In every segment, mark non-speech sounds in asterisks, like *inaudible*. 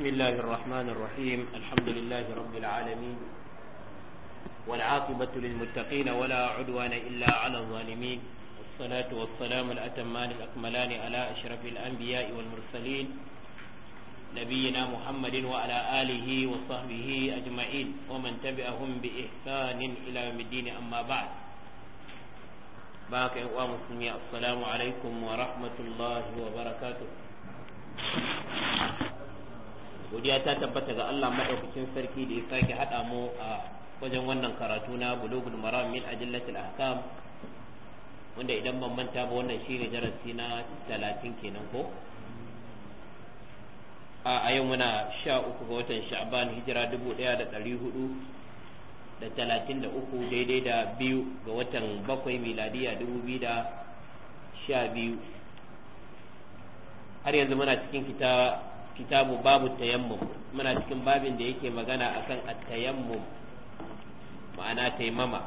بسم الله الرحمن الرحيم الحمد لله رب العالمين والعاقبة للمتقين ولا عدوان إلا على الظالمين والصلاة والسلام الأتمان الأكملان على أشرف الأنبياء والمرسلين نبينا محمد وعلى آله وصحبه أجمعين ومن تبعهم بإحسان إلى يوم الدين أما بعد باقي أقوام السلام عليكم ورحمة الله وبركاته godiya ta tabbata ga Allah madaukakin sarki da ya sake hada mu a wajen wannan karatu na bulugul maram min ajillatil ahkam wanda idan ban manta ba wannan shine darasi na 30 kenan ko a yau muna sha 13 ga watan sha'ban hijira da da talatin uku daidai da biyu ga watan bakwai miladiya biyu har yanzu muna cikin kita kitabu babu tayammum muna cikin babin da yake magana akan at-tayammum ma'ana taimama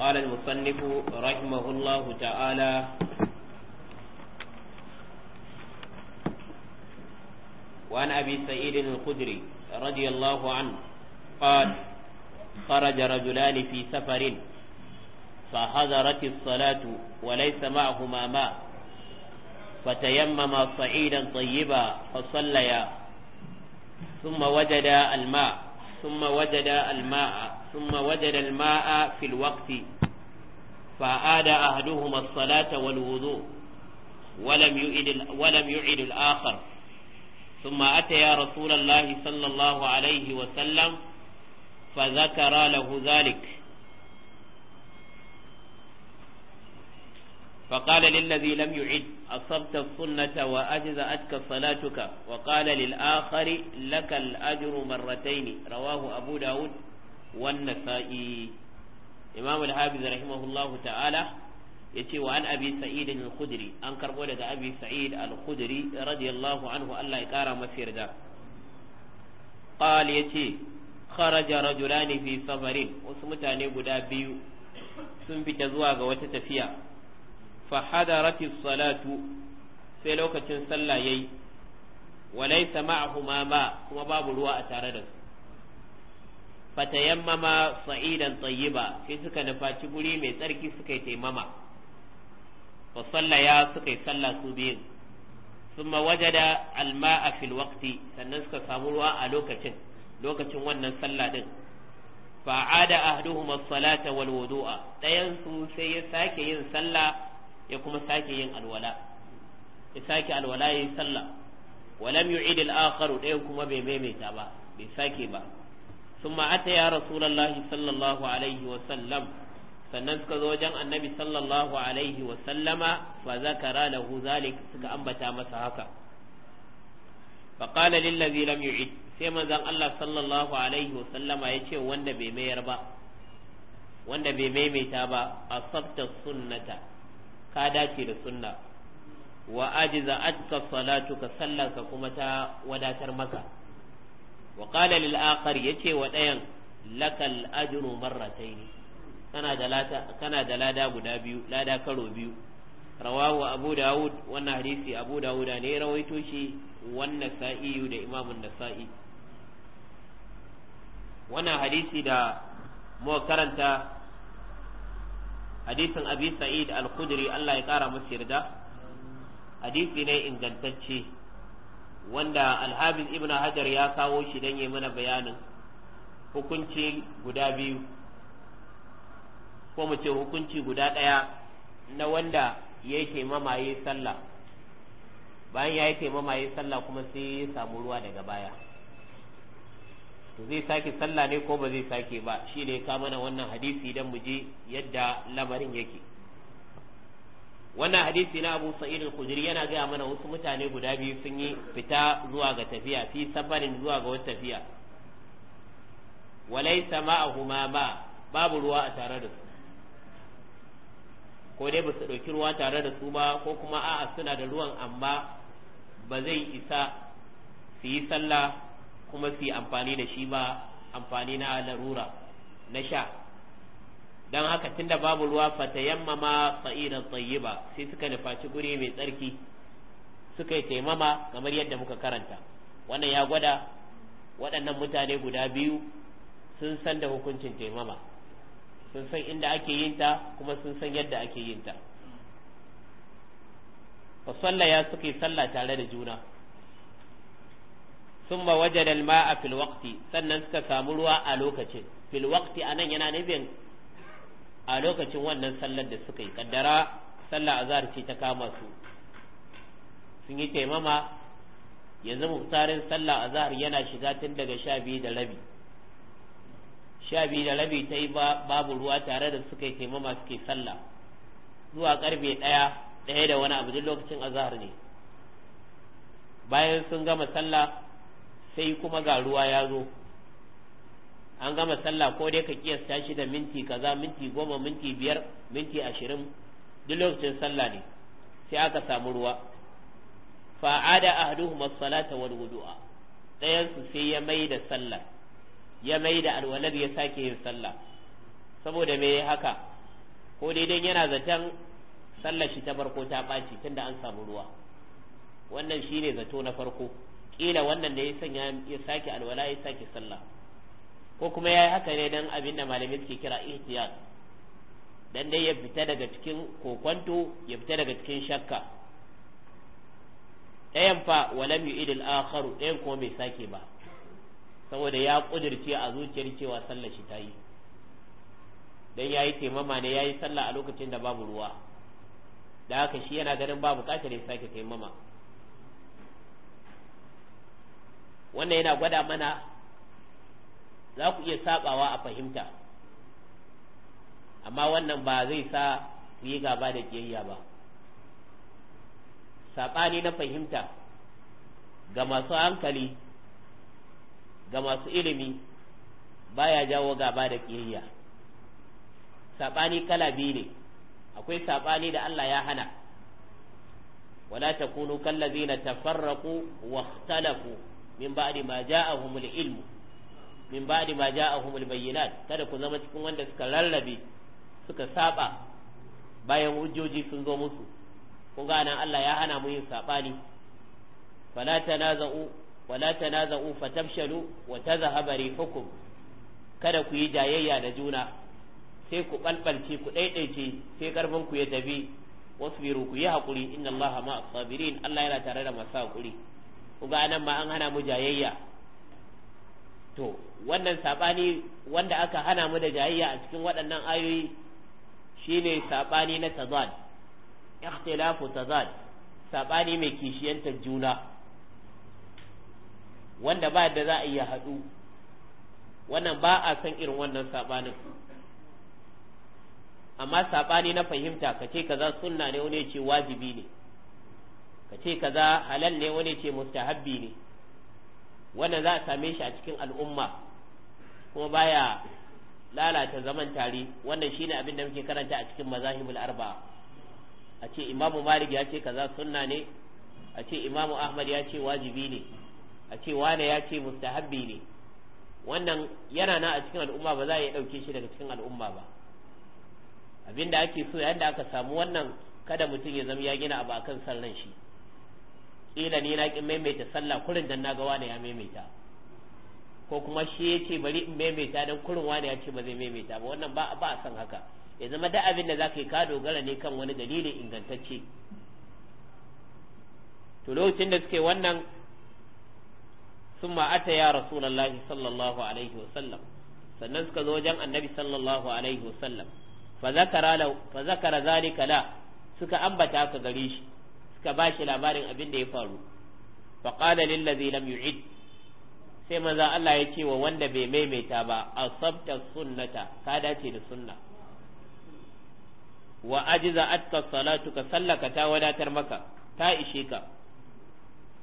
قال المصنف رحمه الله تعالى وعن أبي سعيد الخدري رضي الله عنه قال خرج رجلان في سفر فحضرت الصلاة وليس معهما ماء فتيمما صعيدا طيبا فصليا ثم وجد الماء ثم وجد الماء ثم وجد الماء في الوقت فعاد أحدهما الصلاة والوضوء ولم يعد ولم يعد الآخر ثم أتيا رسول الله صلى الله عليه وسلم فذكر له ذلك فقال للذي لم يعد أصبت السنة وأجزأتك صلاتك وقال للآخر لك الأجر مرتين رواه أبو داود والنسائي إمام الحافظ رحمه الله تعالى يتي وعن أبي سعيد الخدري أنكر ولد أبي سعيد الخدري رضي الله عنه الله يكارى مسير ده قال يتي خرج رجلان في سفر وسمتاني قدا بيو سنبت زواج وتتفيا fa hadarati salatu sai lokacin sallah yayi wa laysa ma'ahuma ma kuma babu ruwa a tare da su fatayammama sa'idan tayyiba sai suka nufaci guri mai tsarki suka taimama fa sallaya suka yi sallah su biyun summa wajada alma'a fil waqti sannan suka samu ruwa a lokacin lokacin wannan sallah din fa'ada ahduhum as-salata wal wudu'a dayan sai ya sake yin sallah ya kuma sake yin alwala ya sake alwala yi sallah walam yu'id al-akhar ɗayan kuma bai maimaita ba bai sake ba thumma ata ya rasulallah sallallahu alaihi wa sallam sannan suka zo wajen annabi sallallahu alaihi wa sallama fa zakara lahu zalik suka ambata masa haka fa qala lil ladhi lam yu'id sai manzon Allah sallallahu alaihi wa sallama ya ce wanda bai mayar ba wanda bai maimaita ba asabta sunnata ka dace da sunna wa ajiza ka salatuka ka kuma ta wadatar maka wa qala lil akhar yace wa dayan lakal ajru marrataini kana da lada kana da lada guda biyu lada karo biyu rawahu abu daud wannan hadisi abu daud ne rawaito shi wannan sa'iyu da imamun nasa'i wannan hadisi da mu karanta hadisin abi sa'id al-khudri Allah ya kara musu yarda hadisi ne ingantacce wanda al ibn ibnu hajar ya kawo shi dan yi mana bayanin hukunci guda biyu ko mu ce hukunci guda ɗaya na wanda yake mamaye sallah bayan ya yake mamaye sallah kuma sai ya samu ruwa daga baya zai sake sallah ne ko ba zai sake ba shi ne ka mana wannan hadisi dan mu je yadda lamarin yake wannan hadisi na Abu Sa'id al-Khudri yana gaya mana wasu mutane guda biyu sun yi fita zuwa ga tafiya fi safarin zuwa ga wata tafiya walaysa ma'ahuma ma babu ruwa a tare da su ko dai ba su ɗauki ruwa tare da su ba ko kuma a'a suna da ruwan amma ba zai isa su yi sallah kuma su yi amfani da shi ba amfani na larura na sha don haka tunda babu ruwa fata yamma ma yammama tsayi ba sai suka nufaci guri mai tsarki suka yi taimama kamar yadda muka karanta wannan ya gwada waɗannan mutane guda biyu sun san da hukuncin taimama sun san inda ake yin ta kuma sun san yadda ake yin ta fa suka yi sallah tare da juna sun wajada al-ma'a a waqti sannan suka samu ruwa a lokacin fil anan yana nufin a lokacin wannan sallar da suka yi kaddara sallar azhar ce ta kama su sun yi taimama yanzu muftarin sallar zahar yana shiga tun daga sha biyu da rabi sha biyu da rabi ta yi babu ruwa tare da suka yi taimama suke sallah zuwa karfe ɗaya ɗaya da wani abu duk lokacin zahar ne bayan sun gama sallah sai kuma ga ruwa ya zo an gama sallah ko dai ka kiyasta shi da minti kaza minti goma minti biyar minti ashirin duk lokacin sallah ne sai aka samu ruwa fa'ada ahduhuma salata wal wudu'a ɗayansu sai ya mai da sallah ya mai da alwalar ya sake yin sallah saboda me haka ko dai dan yana zaton sallar shi ta farko ta ɓaci tunda an samu ruwa wannan shine zato na farko kila wannan da ya sanya ya sake alwala ya sake sallah ko kuma ya yi haka ne don abin da malamai suke kira ihtiyat dan dai ya fita daga cikin kokonto ya fita daga cikin shakka ɗayan fa walam yu'id al akharu ɗayan kuma bai sake ba saboda ya kudirce a zuciyar cewa sallah shi ta yi dan ya yi taimama ne ya yi sallah a lokacin da babu ruwa da haka shi yana ganin ba bukatar ya sake taimama wannan yana gwada mana za ku iya sabawa a fahimta amma wannan ba zai sa ku yi gaba da kiyayya ba saɓani na fahimta ga masu hankali ga masu ilimi baya jawo gaba da kiyayya saɓani kala biyu ne akwai saɓani da Allah ya hana wala takunu kallazina tafarraqu wa ikhtalafu min ba'di ma ja'ahumul ilmu min ba'di ma ja'ahumul bayyinat kada ku zama cikin wanda suka lallabe suka saba bayan hujjoji sun zo musu kun ga Allah ya hana mu yin sabani fala tanaza'u wala tanaza'u fatabshalu wa tadhhaba rihukum kada ku yi jayayya da juna sai ku balbalce ku daidaice sai karfin ku ya tafi wasbiru ku yi hakuri inna Allah ma sabirin Allah yana tare da masu hakuri kuga nan ma an hana mu jayayya to wannan sabani wanda aka hana mu da jayayya a cikin waɗannan ayoyi shine sabani na tazad ikhtilafu tazad sabani mai kishiyantar juna wanda ba da za a iya haɗu wannan ba a san irin wannan sabanin amma sabani na fahimta kace kaza sunna ne wani ya ce wajibi ne ka ce kaza halal ne wani ce mustahabbi ne wanda za a same shi a cikin al'umma kuma baya lalata zaman tare wannan shine abin da muke karanta a cikin mazahibul arba'a a ce imamu malik ya ce kaza sunna ne a ce imamu ahmad ya ce wajibi ne a ce wane ya ce mustahabbi ne wannan yana na a cikin al'umma ba za a iya ɗauke shi daga cikin al'umma ba abinda ake so yadda aka samu wannan kada mutum ya zama ya gina abu akan sallan shi kila ni na ki maimaita sallah kurin dan na ga wani ya maimaita ko kuma shi yace bari in maimaita dan kurin wani ya ce ba zai maimaita ba wannan ba ba san haka ya zama da abin da zaka yi ka dogara ne kan wani dalili ingantacce to lokacin da suke wannan summa ata ya rasulullahi sallallahu alaihi wasallam sannan suka zo wajen annabi sallallahu alaihi wasallam fa zakara zalika la suka ambata ka gare shi suka ba shi labarin abin da ya faru fa qala lil ladhi lam yu'id sai maza Allah ya ce wa wanda bai maimaita ba asabta sunnata ka dace da sunna wa ajiza atka salatuka sallaka ta wadatar maka ta ishe ka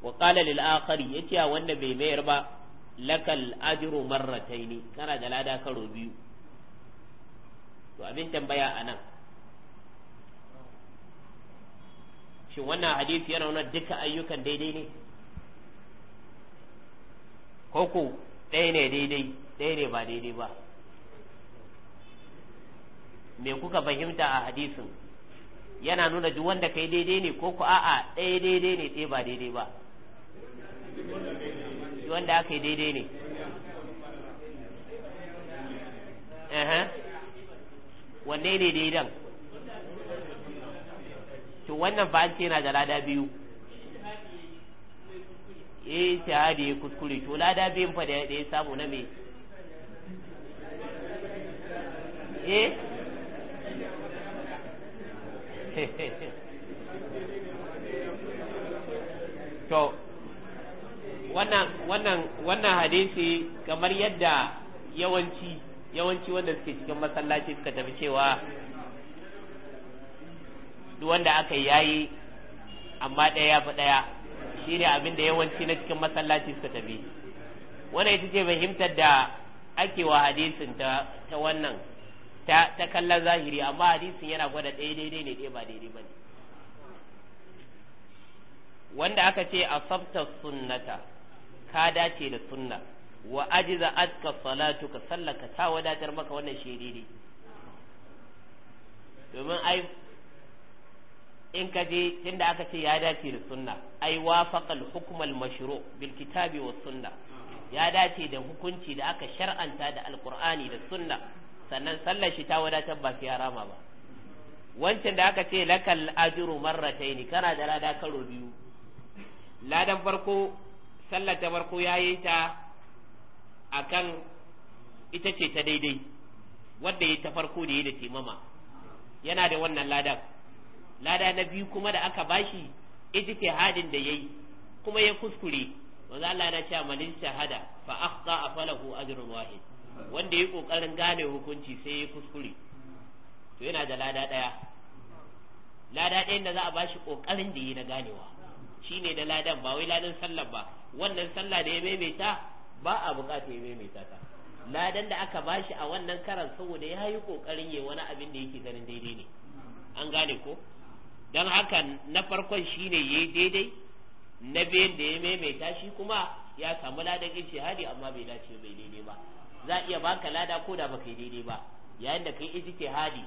wa qala lil akhari yace wanda bai mayar ba lakal ajru marrataini kana da lada karo biyu to abin tambaya anan shi wannan hadisi yana nuna duka ayyukan daidai ne ko ku ɗaya ne daidai ɗaya ne ba daidai ba me kuka fahimta a hadisin yana nuna duk wanda kai daidai ne ko ku a'a ɗaya daidai ne ɗaya ba daidai ba wanda aka yi daidai ne wanne ne daidan to wannan fa an ce yana da lada biyu eh hadi ya kuskure to lada biyun fa da ya samu na me eh *laughs* to wannan wannan wannan hadisi kamar yadda yawanci yawanci wanda suke cikin masallaci suka tafi cewa duk wanda aka yi yayi amma ɗaya ya fi ɗaya shine abin da yawanci na cikin masallaci suka tafi wannan ita ce fahimtar da ake wa hadisin ta wannan ta kallon zahiri amma hadisin yana gwada ɗaya daidai ne ɗaya ba daidai ba wanda aka ce a tsafta sunnata ka dace da sunna wa ajiza atka salatuka sallaka ta wadatar maka wannan shi daidai domin in ka je tunda aka ce ya dace da sunna ai wafaqa hukmal hukm al-mashru' bil kitabi was sunna ya dace da hukunci da aka shar'anta da alqur'ani da sunna sannan sallar shi ta wadatar ba ya rama ba wancan da aka ce lakal ajru marrataini kana da lada karo biyu ladan farko sallar ta farko yayi ta akan ita ce ta daidai wanda ya ta farko da ya da timama yana da wannan ladan lada na biyu kuma da aka bashi ijtihadin da yayi kuma ya kuskure manzo Allah yana cewa man ijtihada fa akhta falahu ajrun wahid wanda yayi kokarin gane hukunci sai ya kuskure to yana da lada daya lada ɗayan da za a bashi kokarin da yi na ganewa shine da ladan ba wai ladan sallar ba wannan sallah da ya maimaita ba a bukata ya maimaita ta ladan da aka bashi a wannan karan saboda ya yi kokarin yi wani abin da yake ganin daidai ne an gane ko don haka na farkon shine yayi daidai na biyan da ya maimaita shi kuma ya samu ladan hadi amma bai dace bai daidai ba za a iya baka lada ko da baka yi daidai ba yayin da kai hadi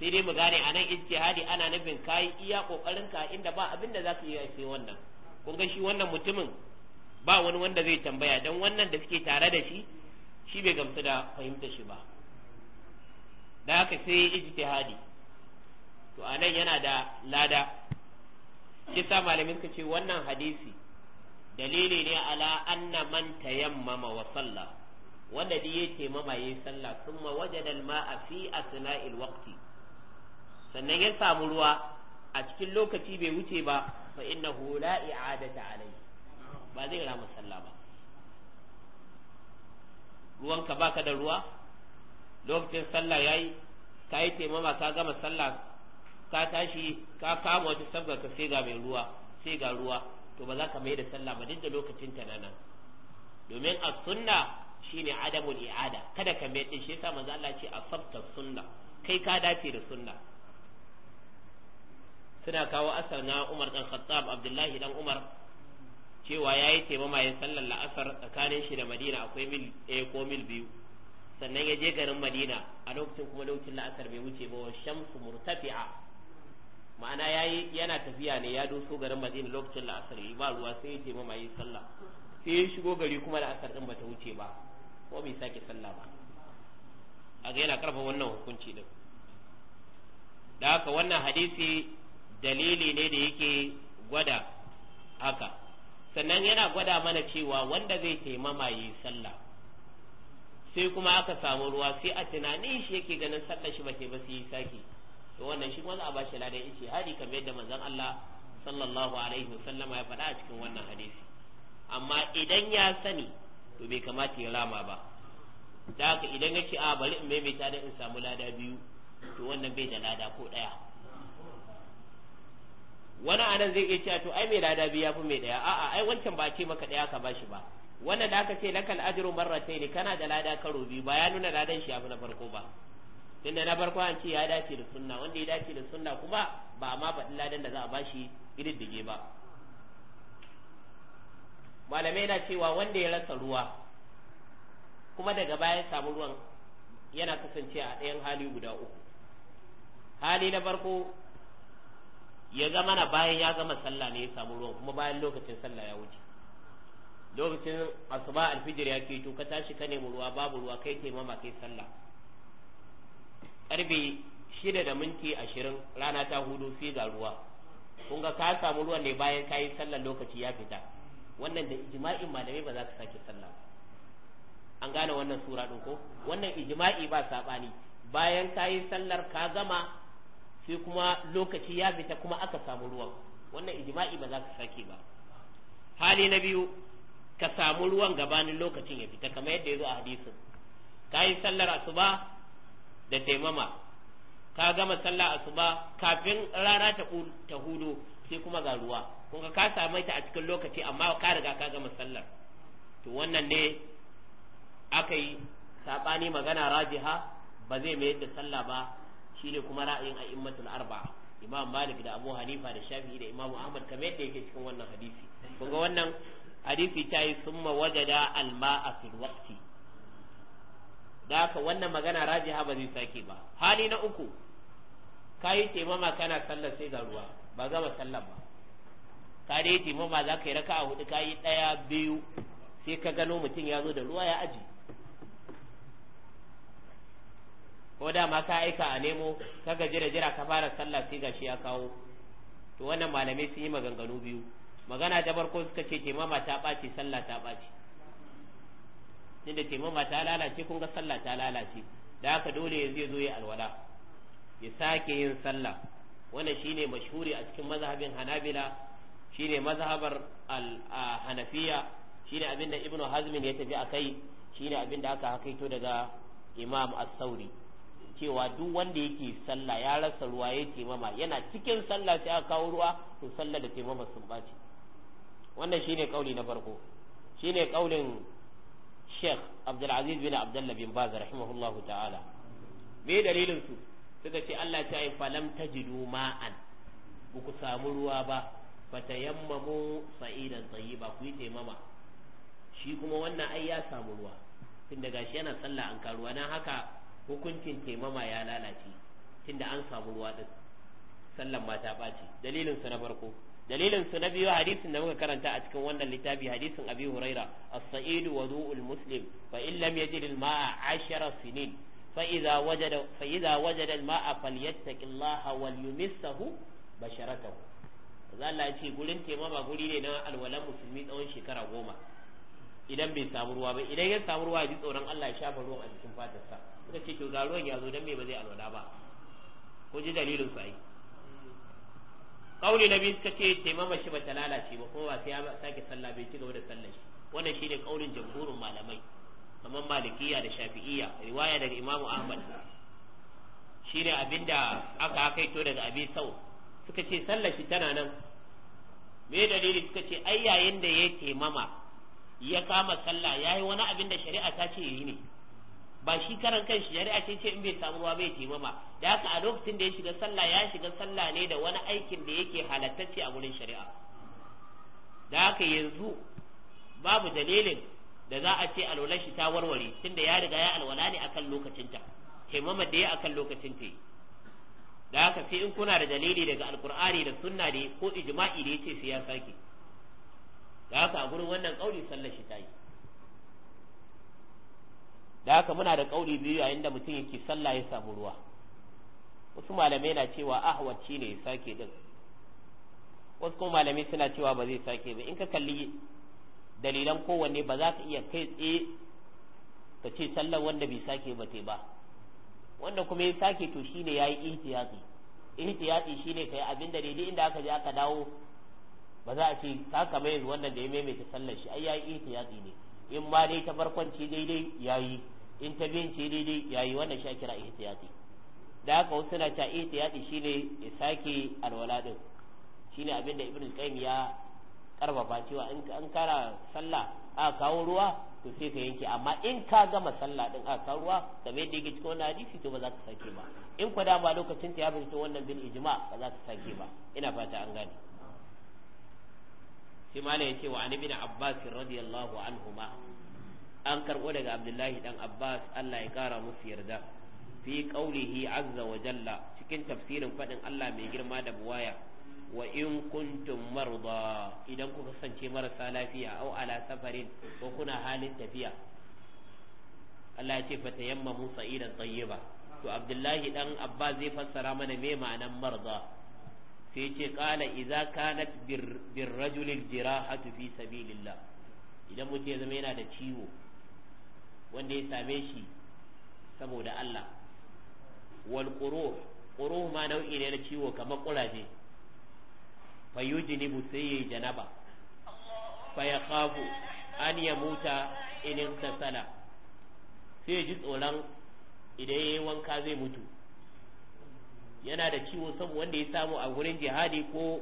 sai dai mu gane a nan hadi ana nufin ka yi iya kokarin ka inda ba abin da za ka yi sai wannan kun ga shi wannan mutumin ba wani wanda zai tambaya don wannan da suke tare da shi shi bai gamsu da fahimta shi ba da haka sai hadi. to anan yana da lada kisa malamin ka ce wannan hadisi dalili ne ala anna man tayammama wa salla wanda da yake yi sallah kuma wajada al-ma'a fi asna'il waqti sannan ya samu ruwa a cikin lokaci bai wuce ba fa innahu la i'adata alayhi ba zai rama sallah ba ruwanka baka da ruwa lokacin sallah yayi ka yi taimama ka gama sallah ka tashi ka kama wata sabgar ka sai ga mai ruwa sai ga ruwa to ba za ka mai da sallah ba duk da lokacin ta nan domin a sunna shine adamul i'ada kada ka mai din shi yasa manzo Allah ce asabta sunna kai ka dace da sunna suna kawo asar na Umar dan Khattab Abdullahi dan Umar cewa yayi taimama ya sallar la'asar tsakanin shi da Madina akwai mil ɗaya ko mil biyu sannan ya je garin Madina a lokacin kuma lokacin la'asar bai wuce ba wa shamsu murtafi'a ma'ana yayi yana tafiya ne ya doso garin madina lokacin la'asar yi ba ruwa sai ya ce mama yi sallah sai ya shigo gari kuma la'asar din bata wuce ba ko bai sake sallah ba a ga yana karfa wannan hukunci din da haka wannan hadisi dalili ne da yake gwada haka sannan yana gwada mana cewa wanda zai taimama yi sallah sai kuma aka samu ruwa sai a tunanin shi yake ganin sallar shi ba ba sai yi sake to wannan shi za a ba shi ladan ijtihadi kamar yadda manzon Allah sallallahu alaihi sallama ya faɗa a cikin wannan hadisi amma idan ya sani to bai kamata ya rama ba da haka idan ya ce a bari in maimaita da in samu lada biyu to wannan bai da lada ko ɗaya wani anan zai iya cewa to ai mai lada biyu ya fi mai ɗaya a'a ai wancan ba ce maka ɗaya ka bashi ba wannan da aka ce lakal ajru marratayn kana da lada karo biyu ba ya nuna ladan shi ya fi na farko ba tunda na farko an ce ya dace da sunna wanda ya dace da sunna kuma ba ma faɗi ladan da za a bashi ididdige ba malamai na cewa wanda ya rasa ruwa kuma daga bayan samu ruwan yana kasance a ɗayan hali guda uku hali na farko ya zama na bayan ya gama sallah ne ya samu ruwan kuma bayan lokacin sallah ya wuce lokacin asuba alfijir ya keto ka tashi ka nemi ruwa babu ruwa kai taimama kai sallah karfe shida da minti ashirin rana ta hudu sai ga ruwa kun ga ka samu ruwan ne bayan ka yi sallar lokaci ya fita wannan da ijma'in malamai ba za ka sake sallah an gane wannan sura din ko wannan ijima'i ba saɓani bayan ka yi sallar ka gama sai kuma lokaci ya fita kuma aka samu ruwan wannan ijima'i ba za ka sake ba hali na biyu ka samu ruwan gabanin lokacin ya fita kamar yadda ya zo a hadisin ka yi sallar asuba da taimama ka gama sallah asuba kafin rana ta hudu sai kuma ga ruwa kun ka same ta a cikin lokaci amma ka riga ka gama sallar to wannan ne aka yi sabani magana rajiha ba zai mayar da sallah ba shine kuma ra'ayin a'immatul arba'a imam malik da abu hanifa da shafi'i da imam ahmad kamar yadda yake cikin wannan hadisi kun wannan hadisi ta yi summa wajada al-ma'a fil waqti da haka wannan magana rajiha ba zai sake ba hali na uku ka yi taimama kana sallar sai ga ruwa ba gama sallar ba ka yi taimama za ka yi raka a hudu ka yi ɗaya biyu sai ka gano mutum ya zo da ruwa ya aji ko da ma ka aika a nemo ka gaji da jira ka fara sallah sai gashi ya kawo to wannan malamai sun yi maganganu biyu magana ta farko suka ce taimama ta ɓaci sallah ta ɓaci sai da taimama ta lalace kun ga sallah ta lalace da haka dole ya zai zo ya alwala ya sake yin sallah wannan shine mashhuri a cikin mazhabin hanabila shine mazhabar hanafiya shine abinda ibnu hazmin ya tafi akai shine abinda aka hakaito daga imam as-sauri cewa duk wanda yake sallah ya rasa ruwa ya taimama yana cikin sallah sai aka kawo ruwa to sallah da taimama sun bace wannan shine kauli na farko shine kaulin Sheikh Abdulaziz bin Abdullah bin Baz rahimahullahu ta'ala me dalilin su suka ce Allah ta yi falam tajidu ma'an ba ku samu ruwa ba tayammamu sa'idan tayyiba ku yi taimama shi kuma wannan ai ya samu ruwa tunda gashi yana sallah an karuwa na haka hukuncin taimama ya lalace tunda an samu ruwa din sallan ma ta ɓaci dalilin sa na farko dalilin su na biyu hadisin da muka karanta a cikin wannan littafi hadisin abi huraira as-sa'idu wudu'ul muslim fa in lam yajid al-ma'a 10 sinin fa idza wajada fa gurin taimama guri ne na alwalan musulmi tsawon shekara goma idan bai samu ruwa ba idan ya samu ruwa ji tsoron Allah ya shafa ruwan a cikin fatarsa suka ce to ga ruwan ya zo dan me ba zai alwala ba ko ji dalilin su ai kauli na biyu suka ce taimama shi bata lalace ba kuma sai ya sake sallah bai ci gaba da sallah shi wannan shine kaulin jamhurin malamai kamar malikiya da shafi'iyya riwaya daga imamu ahmad shine abinda aka kai to daga abi sau suka ce sallah shi tana nan me dalili suka ce ai yayin da ya taimama ya kama sallah yayi wani abin da shari'a ta ce yi ne ba shi karan kan shi shari'a ce ce in bai samu ruwa bai taimama da haka a lokacin da ya shiga sallah ya shiga sallah ne da wani aikin da yake halattacce a wurin shari'a da haka yanzu babu dalilin da za a ce alwala shi ta warware tunda ya riga ya alwala ne akan lokacinta taimama da ya akan lokacin ta da haka sai in kuna da dalili daga alkur'ani da sunna ne ko ijma'i da ya ce sai ya sake da haka a gurin wannan kauli sallar shi ta yi da haka muna da kauli biyu yayin da mutum yake sallah ya samu ruwa wasu malamai na cewa ahwaci ne ya sake din wasu kuma malamai suna cewa ba zai sake ba in ka kalli dalilan kowanne ba za ka iya kai tsaye ka ce sallar wanda bai sake ba ba wanda kuma ya sake to shine ya yi ihtiyati ihtiyati shine ka yi abin da daidai inda aka je aka dawo ba za a ce ka kama yanzu wannan da ya maimaita sallar shi ai ya yi ihtiyati ne in ma dai ta farkon ce daidai ya yi in ta biyan ce daidai yayi wannan sha kira ihtiyati da haka wasu suna ta ihtiyati shine ya sake alwala din shine abinda ibnu qayyim ya karfafa cewa in an kara sallah a kawo ruwa to sai ka yanke amma in ka gama sallah din a kawo ruwa kamar yadda yake cikin wannan hadisi to ba za ka sake ba in ku dama lokacin ta ya fito wannan bil ijma ba za ka sake ba ina fata an gane sai malai yace wa an ibn abbas radiyallahu anhu ma an karɓo daga abdullahi dan abbas allah ya kara musu yarda fi qaulihi azza wa jalla cikin tafsirin faɗin allah mai girma da buwaya wa in kuntum marda idan kuka kasance marasa lafiya au ala safarin ko kuna halin tafiya Allah ya ce idan tayammamu sa'idan tayyiba to Abdullahi dan Abbas zai fassara mana me ma'anan marda sai ce qala idza kanat bir jirahatu fi sabilillah idan mutum ya zama yana da ciwo wanda ya same shi saboda Allah wal quru ma nau'i ne na ciwo kamar kuraje fa ya yi janaba fa ya yakhafu an ya yamuta in intasala sai ji tsoron idan yi wanka zai mutu yana da ciwo saboda wanda ya samu a gurin jihadi ko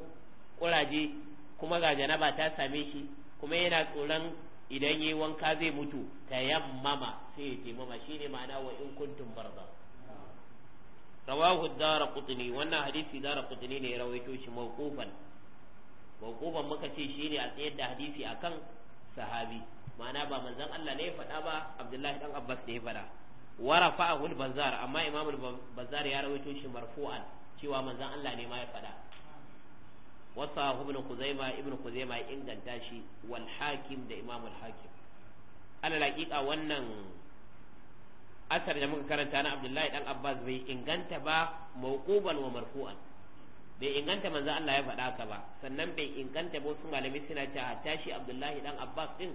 kuraje kuma ga janaba ta same shi kuma yana tsoron idan yi wanka zai mutu ta yammama sai ya taimama shine ma'ana wa in kuntum barza rawahu dara darqutni wannan hadisi darqutni ne ya rawaito shi mawqufan muka ce shine a tsayar da hadisi akan sahabi ma'ana ba manzon Allah ne ya faɗa ba Abdullahi dan Abbas ne ya faɗa Wara fa'ahul banzar amma Imam Banzar ya rawaito shi marfu'an cewa manzon Allah ne ma ya faɗa wasa ibn kuzaima ibn kuzaima inganta shi wal da imam al hakim ala laƙiƙa wannan asar da muka karanta na abdullahi dan abbas bai inganta ba mawquban wa marfu'an bai inganta manzo Allah ya faɗa ka ba sannan bai inganta ba wasu malamai suna cewa hatta shi abdullahi dan abbas din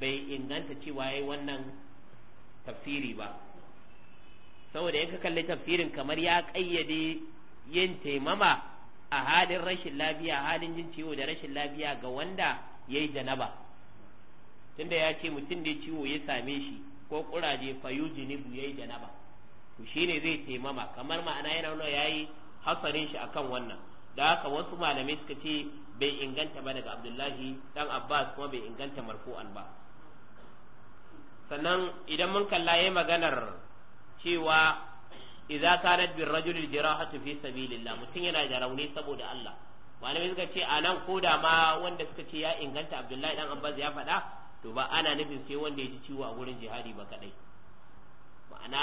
bai inganta cewa yayi wannan tafsiri ba saboda in ka kalli tafsirin kamar ya kayyade yin taimama a halin rashin lafiya halin jin ciwo da rashin lafiya ga wanda ya yi janaba tunda ya ce mutum da ciwo ya same shi ko kuraje fayu jinibu ya yi janaba to shi ne zai taimama kamar ma'ana yana nuna ya yi hasarin shi akan wannan da haka wasu malamai suka ce bai inganta ba daga abdullahi dan abbas kuma bai inganta marfu'an ba sannan idan mun kalla ya yi maganar cewa idza kana bi rajul al jirahatu fi sabilillah mutun yana da rauni saboda Allah malamai suka ce anan ko da ma wanda suka ce ya inganta Abdullahi dan Abbas ya faɗa to ba ana nufin sai wanda ya ji ciwo a gurin jihadi ba kadai ma'ana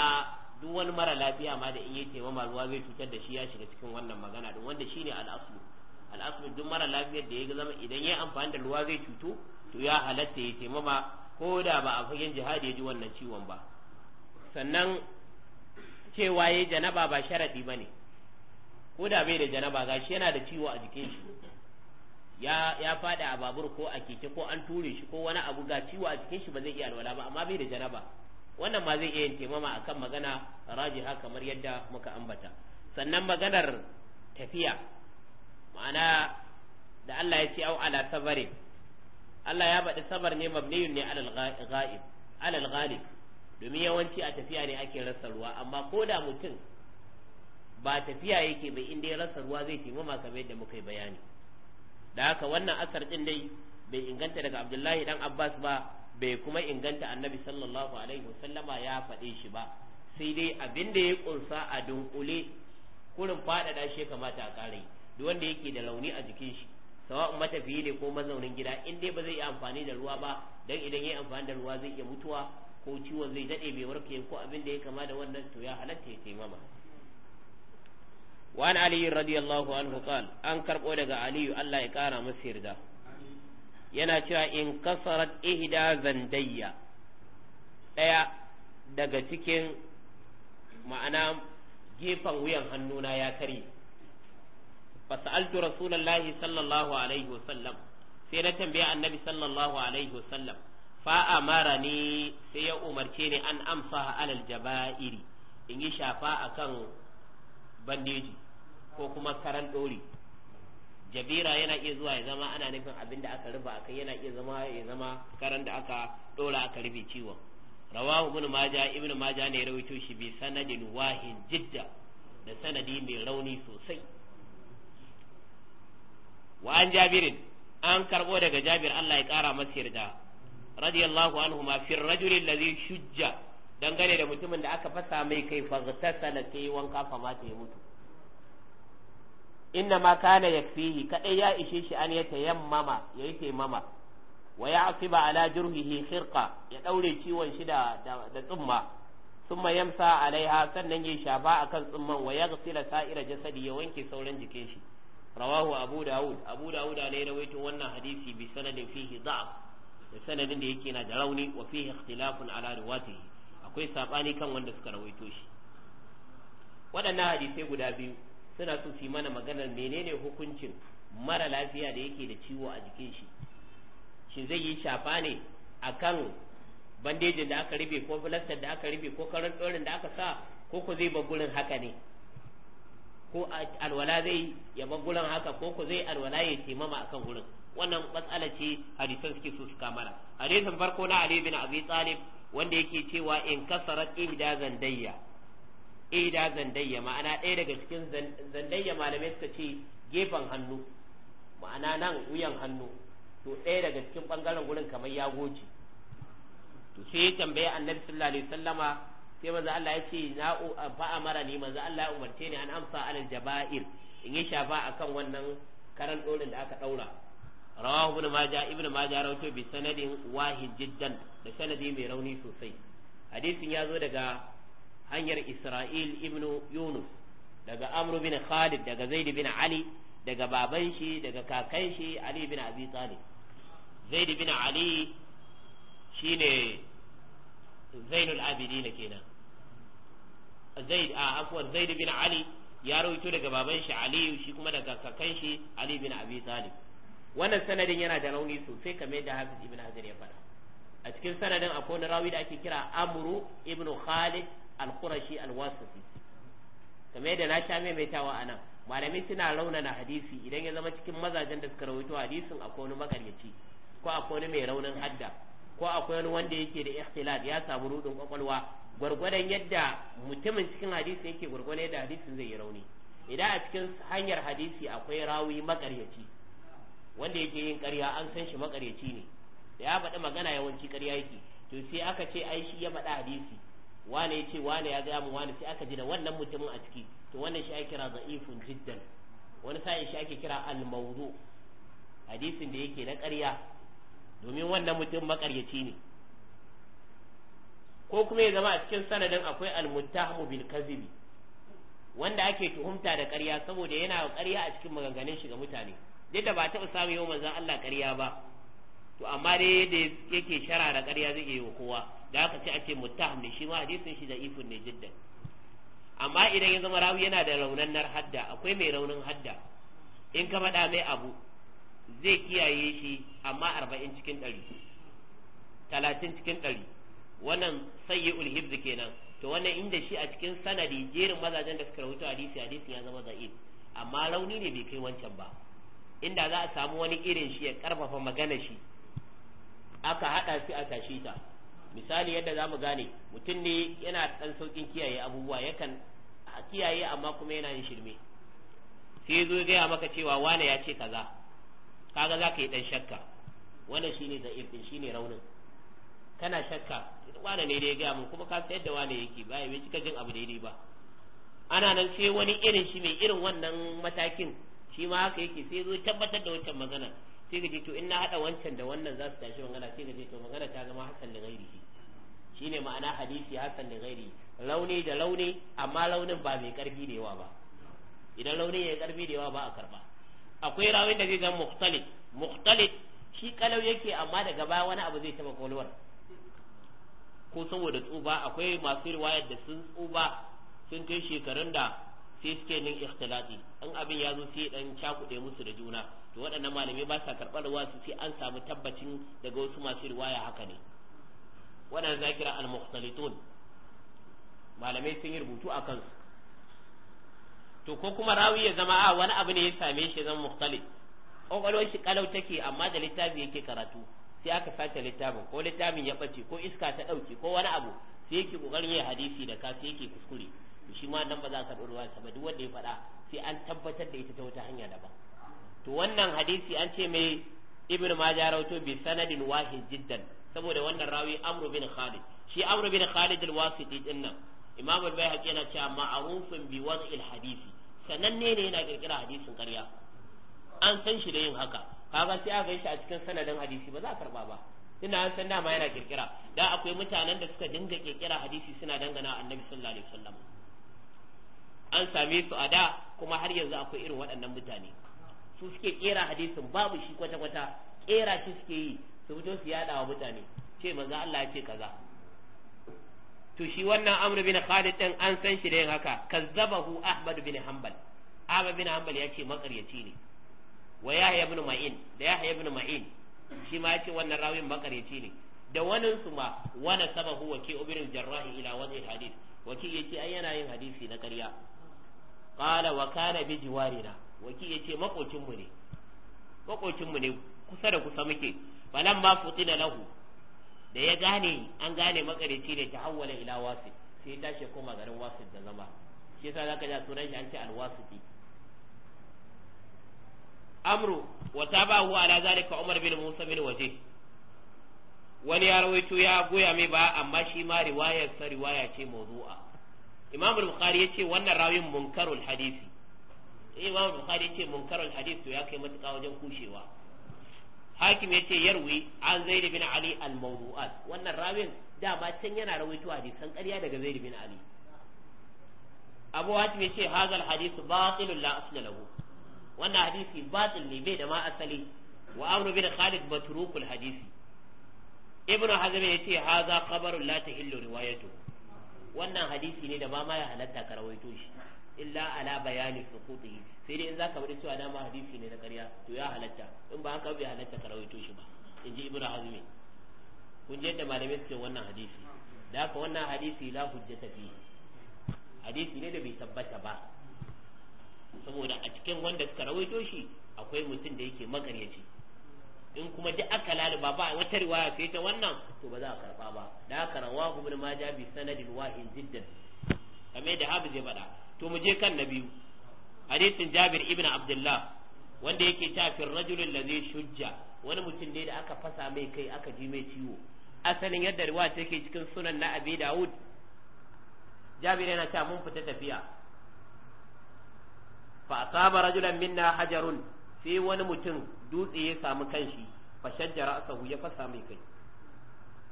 duk wani mara lafiya ma da in yi taimama ruwa zai cutar da shi ya shiga cikin wannan magana don wanda shine al'aslu al'aslu duk mara lafiyar da ya zama idan ya amfani da ruwa zai cuto to ya halatta ya taimama ko da ba a fagen jihadi ya ji wannan ciwon ba sannan cewa ya janaba ba sharaɗi ba ne ko da bai da janaba shi yana da ciwo a jikin shi ya faɗi a babur ko a keke ko an ture shi ko wani abu ga ciwo a jikin shi ba zai iya alwala ba amma bai da janaba wannan ma zai iya yin taimama akan magana raji ha kamar yadda muka ambata sannan maganar tafiya ma'ana da Allah ya ce au ala sabarin Allah ya baɗi sabar ne mabniyun ne alal ghalib domin yawanci a tafiya ne ake rasa ruwa amma ko da mutum ba tafiya yake bai inda ya rasa ruwa zai taimama kamar yadda muka yi bayani da haka wannan asar din dai bai inganta daga abdullahi dan abbas ba bai kuma inganta annabi sallallahu alaihi wasallama ya faɗe shi ba sai dai abin da ya kunsa a dunkule kurin faɗaɗa shi kamata a ƙara duk wanda yake da launi a jikin shi sawa'un matafiyi ne ko mazaunin gida in dai ba zai iya amfani da ruwa ba dan idan ya yi amfani da ruwa zai iya mutuwa ko ciwon zai daɗe mai warke ko abin da ya kama da wannan to ya halatta ya taimama وعن علي رضي الله عنه قال أنكر أولئك علي الله يكارى yana cewa in انكسرت إهدى zandayya ɗaya daga cikin ma'ana gefen wuyan hannuna ya karye fasa'altu rasulallahi sallallahu alaihi wasallam sai na tambaya annabi sallallahu alaihi wasallam fa amara ni sai ya umarce ni an amfa alal jaba'iri in yi shafa akan bandeji ko kuma karan dori jabira yana iya zuwa ya zama ana nufin abin da aka rufe akai yana iya zama ya zama karan da aka dora aka rufe ciwon rawahu ibn majah ibn majah ne rawaito shi bi sanadin wahin jidda da sanadi mai rauni sosai wa an jabirin an karbo daga jabir Allah ya kara masa yarda radiyallahu anhu ma fi rajul alladhi shujja dangane da mutumin da aka fasa mai kai faghtasala kai wanka kamata ta ya mutu inna ma kana yakfihi kadai ya ishe shi an ya tayammama yayi tayammama wa ya'tiba ala jurhihi khirqa ya daure ciwon shi da da tsumma thumma yamsa alaiha sannan ya shafa akan tsumman wa yaghsila sa'ira jasadi ya wanke sauran jikin shi rawahu abu daud abu daud ne rawaito wannan hadisi bi sanadin fihi da'af da sanadin da yake na da rauni wa fi ikhtilafun ala riwatihi akwai sabani kan wanda suka rawaito shi waɗannan hadisai guda biyu suna so su mana maganar menene hukuncin mara lafiya da yake da ciwo a jikin shi shi zai yi shafa ne akan bandejin da aka rufe ko filastar da aka rufe ko karar da aka sa ko ku zai haka ne ko alwala zai ya bagurin haka ko ku zai alwala ya taimama akan gurin wannan matsala ce hadisan suke so su kamana hadisan farko na Ali bin Abi Talib wanda yake cewa in kasarat ihda zandayya ihda zandayya ma'ana ɗaya daga cikin zandayya malamai suka ce gefen hannu ma'ana nan wuyan hannu to ɗaya daga cikin ɓangaren gurin kamar ya goce to sai ya tambaye annabi sallallahu alaihi wasallama sai maza Allah ya ce na fa amara ni maza Allah ya umarce ni an amsa alal jaba'ir in ya shafa akan wannan karan ɗorin da aka ɗaura rawahu ibn majah ibn majah rawaito bi sanadin wahid jiddan da sanadi mai rauni sosai hadisin ya zo daga hanyar isra'il ibn yunus daga amr bin khalid daga zaid bin ali daga baban shi daga kakan shi ali bin abi talib zaid bin ali shine zainul abidin kenan zaid a afwan zaid bin ali ya rawaito daga baban shi ali shi kuma daga kakan shi ali bin abi talib wannan sanadin yana da rauni sosai kamar da hafiz ibn hajar ya faɗa a cikin sanadin akwai wani rawi da ake kira amru ibn khalid al-qurashi al-wasiti kamar da na sha maimaitawa a nan malamai suna raunana hadisi idan ya zama cikin mazajen da suka rawaito hadisin akwai wani makaryaci ko akwai wani mai raunin hadda ko akwai wani wanda yake da ikhtilat ya samu rudin kwakwalwa gwargwadon yadda mutumin cikin hadisi yake gwargwadon da hadisin zai yi rauni idan a cikin hanyar hadisi akwai rawi makaryaci wanda yake yin ƙarya an san shi makaryaci ne da ya faɗi magana yawanci ƙarya yake to sai aka ce ai shi ya faɗi hadisi wane ya ce wane ya gaya mu wane sai aka ji da wannan mutumin a ciki to wannan shi ake kira za'ifun jiddan wani sa'in shi ake kira al-mawdu hadisin da yake na ƙarya domin wannan mutum makaryaci ne ko kuma ya zama a cikin sanadin akwai al-muttahamu bil kazibi wanda ake tuhumta da ƙarya saboda yana ƙarya a cikin maganganun shi ga mutane duk da ba taɓa samu yau manzan Allah ƙarya ba to amma dai da yake shara da ƙarya zai yi wa kowa da haka ce a ce shi ma hadisin shi da ifun ne jiddan amma idan ya zama rawi yana da raunannar hadda akwai mai raunin hadda in ka faɗa mai abu zai kiyaye shi amma arba'in cikin ɗari talatin cikin ɗari wannan sayi ulhibzi kenan to wannan inda shi a cikin sanadi jerin mazajen da suka rahoto hadisi hadisin ya zama za'in amma rauni ne bai kai wancan ba inda za a samu wani irin shi ya karfafa magana shi aka hada shi a tashi ta misali yadda za mu gane mutum ne yana ɗan saukin kiyaye abubuwa yakan kiyaye amma kuma yana yin shirme sai zo gaya maka cewa wane ya ce kaza kaga za ka yi ɗan shakka wannan shine da irin shine raunin kana shakka wane ne da ya gaya mun kuma ka sayar da wane yake ba ya cika jin abu daidai ba ana nan sai wani irin shi mai irin wannan matakin shi ma haka yake sai zo tabbatar da wancan magana sai ka ce to in na haɗa wancan da wannan za su tashi magana sai ka ce to magana ta zama hasan da gairi ne ma'ana hadisi hasan da gairi launi da launi amma launin ba mai karfi da yawa ba idan launin ya karfi da yawa ba a karba akwai rawin da zai zama Muktalit, Muktalit shi kalau yake amma daga baya wani abu zai taba kwalwar ko saboda tsuba akwai masu riwayar da sun tsuba sun kai shekarun da sai suke yin ikhtilafi in abin ya zo sai dan cakuɗe musu da juna to waɗannan malamai ba sa karɓar wasu sai an samu tabbacin daga wasu masu riwaya haka ne Wannan za kira al-mukhtalitun malamai sun yi rubutu a kansu to ko kuma rawi ya zama a ah, wani abu ne ya same shi zama mukhtalit kokolwar shi kalau take amma da littafi yake karatu sai aka sace littafin ko littafin ya bace ko iska ta ɗauke ko wani abu sai yake kokarin yin hadisi da ka sai yake kuskure shi ma nan ba za ka ɗora ruwansa ba duk wanda ya faɗa sai an tabbatar da ita ta wata hanya daban to wannan hadisi an ce mai ibn majah rawato bi sanadin wahid jiddan saboda wannan rawi amru bin khalid shi amru bin khalid al-wasiti din nan imam al-bayhaqi yana cewa ma'rufun bi wad'il hadisi sananne ne yana kirkira hadisin ƙarya an san shi da yin haka kaga sai aka yi shi a cikin sanadin hadisi ba za a karba ba tunda an san dama yana kirkira da akwai mutanen da suka dinga kirkira hadisi suna dangana annabi sallallahu alaihi wasallam an same su a da kuma har yanzu akwai irin waɗannan mutane su suke kera hadisin babu shi kwata-kwata kera shi suke yi su fito su yada wa mutane ce maza Allah ya ce kaza to shi wannan amru bin Khalid din an san shi da yin haka kazzabahu Ahmad bin Hanbal Ahmad bin Hanbal ya ce makaryaci ne wa Yahya ibn Ma'in da Yahya ibn Ma'in shi ma ya ce wannan rawin makaryaci ne da wani su ma wani sabahu wa ke ubirin jarrahi ila wani hadith wakil ya ce ai yana yin hadisi na karya. qala wa kana bi jiwarina waki yace ce mu ne makocin ne kusa da kusa muke balan ma futina lahu da ya gane an gane makarici ne ta hawala ila wasi sai ya tashi koma garin wasi da zama shi yasa zaka ji sunan shi an ce alwasiti amru wa tabahu ala zalika umar bin musa bin waje wani ya rawaito ya goya mai ba amma shi ma riwayar sa riwaya ce mawdu'a imam bukhari yace wannan rawin munkarul hadisi eh, imam bukhari yace munkarul hadisi to ya kai matuƙa wajen kushewa hakim yace yarwi an zaid bin ali al mawdu'at wannan rawin dama can yana rawaito hadisan ƙarya daga zaid bin ali abu hatim yace hazal hadisi batilun la asla lahu wannan hadisi batil ne bai da ma asali wa amru bin khalid matrukul hadisi ibnu hazm yace haza khabarun la tahillu riwayatuhu wannan hadisi ne da ba ma ya halatta ka rawaito shi illa ala bayani suqutihi sai dai in ka bari cewa dama hadisi ne na ƙarya to ya halatta in ba haka bai halatta ka rawaito shi ba in ji ibnu hazmi kun je da malamai suke wannan hadisi da haka wannan hadisi la hujjata fi hadisi ne da bai tabbata ba saboda a cikin wanda suka rawaito shi akwai mutum da yake makaryaci in kuma duk aka laluba ba wata riwaya sai ta wannan to ba za a karba ba da haka rawa ibn majah bi sanadin wahin jiddan kamar da Habu zai faɗa to mu je kan na biyu hadisin jabir ibn abdullah wanda yake ta fi rajulin da zai shujja wani mutum ne da aka fasa mai kai aka ji mai ciwo asalin yadda riwaya take cikin sunan na abi dawud jabir yana ta mun fita tafiya fa asaba rajulan minna hajarun sai wani mutum dutse ya samu kanshi fa shajja ra'sahu ya fasa mai kai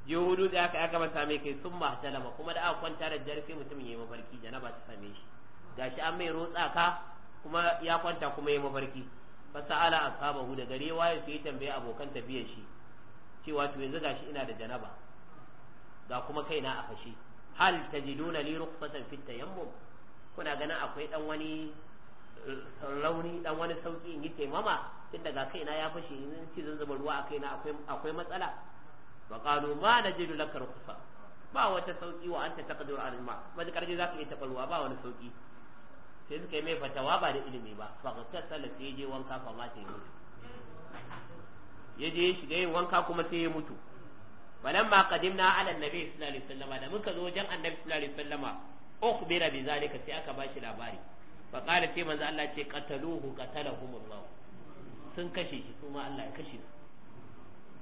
yahu dutse aka aka mata mai kai sun ma talama kuma da aka kwanta da dare sai mutum ya yi mafarki janaba ta same shi gashi an mai rotsa ka kuma ya kwanta kuma ya mafarki fa sa'ala ashabahu da gare waye sai tambaye abokan tafiyar shi cewa to yanzu gashi ina da janaba ga kuma kaina a fashe hal tajiduna li kasan fit tayammum kuna ganin akwai dan wani eh, rauni dan wani sauki in yi taimama tun daga kaina ya fashe in ci zan ruwa a kaina akwai matsala ba qalu ma najidu laka rukhsa ba wata sauki wa anta taqdiru al ma wani karje zaka iya taba ruwa ba wani sauki sai suka yi mai fatawa ba da ilimi ba fa ta sala sai je wanka fa ma yi mutu ya je shiga yin wanka kuma sai ya mutu falamma qadimna ala nabi sallallahu alaihi wasallam da muka zo wajen annabi sallallahu alaihi wasallam ukhbira bi zalika sai aka bashi labari fa qala sai manzo Allah ce qataluhu qatalahumullah sun kashe shi su ma Allah ya kashe su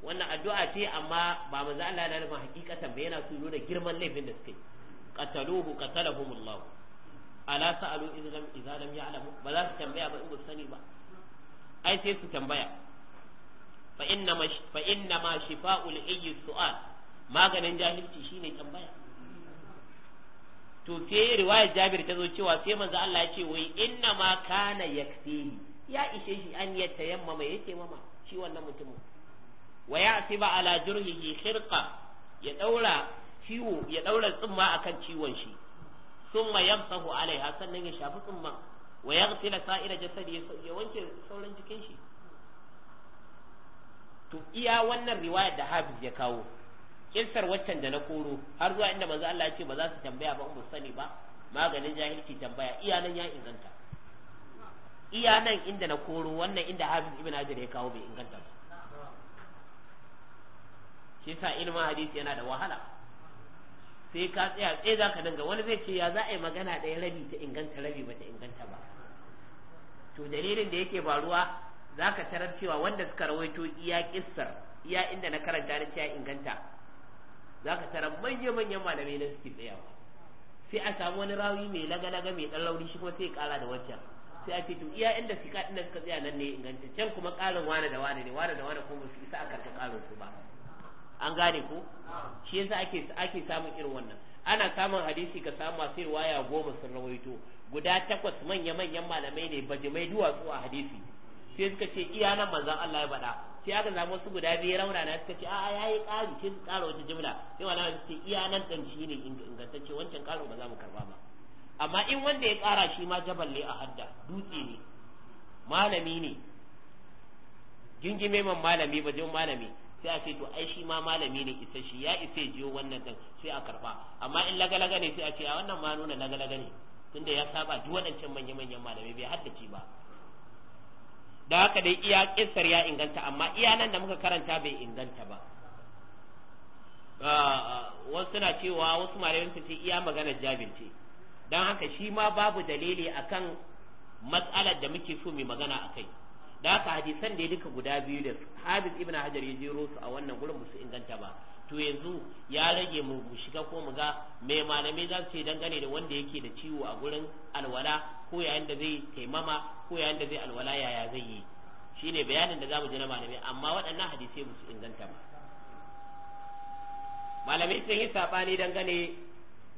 wannan addu'a ce amma ba manzo Allah ya nufin hakikatan ba yana so da girman laifin da suke. yi qataluhu qatalahumullah ala sa'alu idan idza lam ya'lamu ba za su tambaya ba in ba sani ba ai sai su tambaya fa inna ma fa inna ma shifa'ul ayyi su'al maganin jahilci shine tambaya to sai riwayar Jabir ta zo cewa sai manzo Allah ya ce wai inna ma kana yakfini ya ishe shi an ya tayammama yake mama shi wannan mutumin wa ya ba ala jurhihi khirqa ya daura ciwo ya daura tsumma akan ciwon shi thumma alai alaiha sannan ya shafi tsumma wa yaghsila sa'ira jasadi ya wanke sauran jikin shi to iya wannan riwaya da Hafiz ya kawo kinsar waccan da na koro har zuwa inda manzo Allah ya ce ba za su tambaya ba in sani ba maganin jahilci tambaya iya nan ya inganta iya nan inda na koro wannan inda abin ibn hajar ya kawo bai inganta ba shi sa ilmin hadisi yana da wahala sai ka tsaya tsaye za ka danga wani zai ce ya za a yi magana ɗaya rabi ta inganta rabi ba ta inganta ba to dalilin da yake faruwa za ka tarar cewa wanda suka rawaito iya kissar iya inda na karanta na ya inganta za ka tarar manya-manyan malamai na suke tsayawa sai a samu wani rawi mai laga-laga mai ɗan lauri shi kuma sai ya ƙara da wancan sai ake to iya inda suka inda suka tsaya nan ne ingantaccen kuma ƙarin wane da wane ne wane da wane kuma su isa a karɓi ƙarin su ba an gane ko shi yasa ake ake samun irin wannan ana samun hadisi ka samu masu waya goma sun rawaito guda takwas manya-manyan malamai ne bajimai duwatsu a hadisi sai suka ce iya nan manzon Allah ya faɗa sai aka samu wasu guda biyu rauna na suka ce a'a yayi ƙari sai su ƙara wata jimla sai wani ce iya nan dan shi ne ingantacce wancan ƙarin ba za mu karba ba amma in wanda ya kara shi ma jaballe a hadda dutse ne malami ne gingime man malami ba jin malami sai a ce to ai shi ma malami ne isa shi ya isa jiyo wannan dan sai a karba amma in lagalaga ne sai a ce a wannan ma nuna lagalaga ne tunda ya saba duk waɗancan manya-manyan malami bai haddace ba da haka dai iya kissar ya inganta amma iya nan da muka karanta bai inganta ba ah, ah, wasu na cewa wasu malamin su ce iya magana jabirce don haka shi ma babu dalili akan matsalar da muke so mai magana a kai da haka hadisan da duka guda biyu da hafiz ibn hajar ya jero su a wannan gurin su inganta ba to yanzu ya rage mu shiga ko mu ga mai malamai za su ce dangane da wanda yake da ciwo a gurin alwala ko yayin da zai taimama ko yayin da zai alwala yaya zai yi shine bayanin da zamu ji na malamai amma waɗannan hadisai ba su inganta ba malamai sun yi saɓani dangane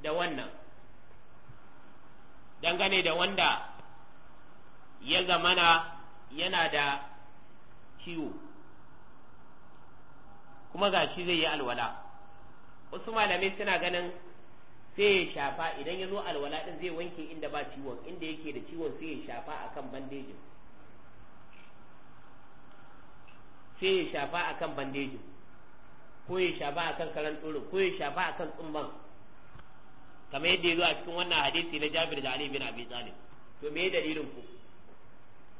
da wannan dangane da wanda ya zamana yana da ciwo kuma ga shi zai yi alwala wasu malamai suna ganin sai ya shafa idan ya zo alwala ɗin zai wanke inda ba ciwon inda yake da ciwon sai ya shafa akan bandejin sai ya shafa kan bandejin ko ya shafa akan karan ko ya shafa akan tsumban kamar yadda ya zo a cikin wannan hadisi na Jabir da Ali bin Abi Talib to me dalilin ku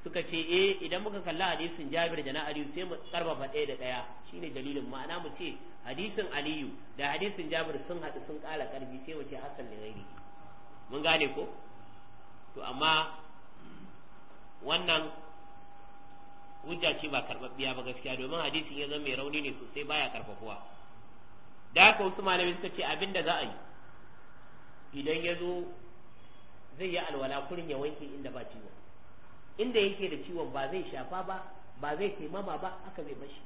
suka ce eh idan muka kalli hadisin Jabir da na Aliyu sai mu karfafa ɗaya da ɗaya shine dalilin ma'ana mu ce hadisin Aliyu da hadisin Jabir sun haɗu sun ƙara ƙarfi sai mu ce hasan da gairi mun gane ko to amma wannan hujja ce ba karɓaɓɓiya ba gaskiya domin hadisin ya zama mai rauni ne sosai baya karfafuwa da haka wasu malamai suka ce abin da za a yi idan ya zo zai yi alwala kurin ya wanke inda ba ciwon inda yake da ciwon ba zai shafa ba ba zai taimama ba aka zai bashi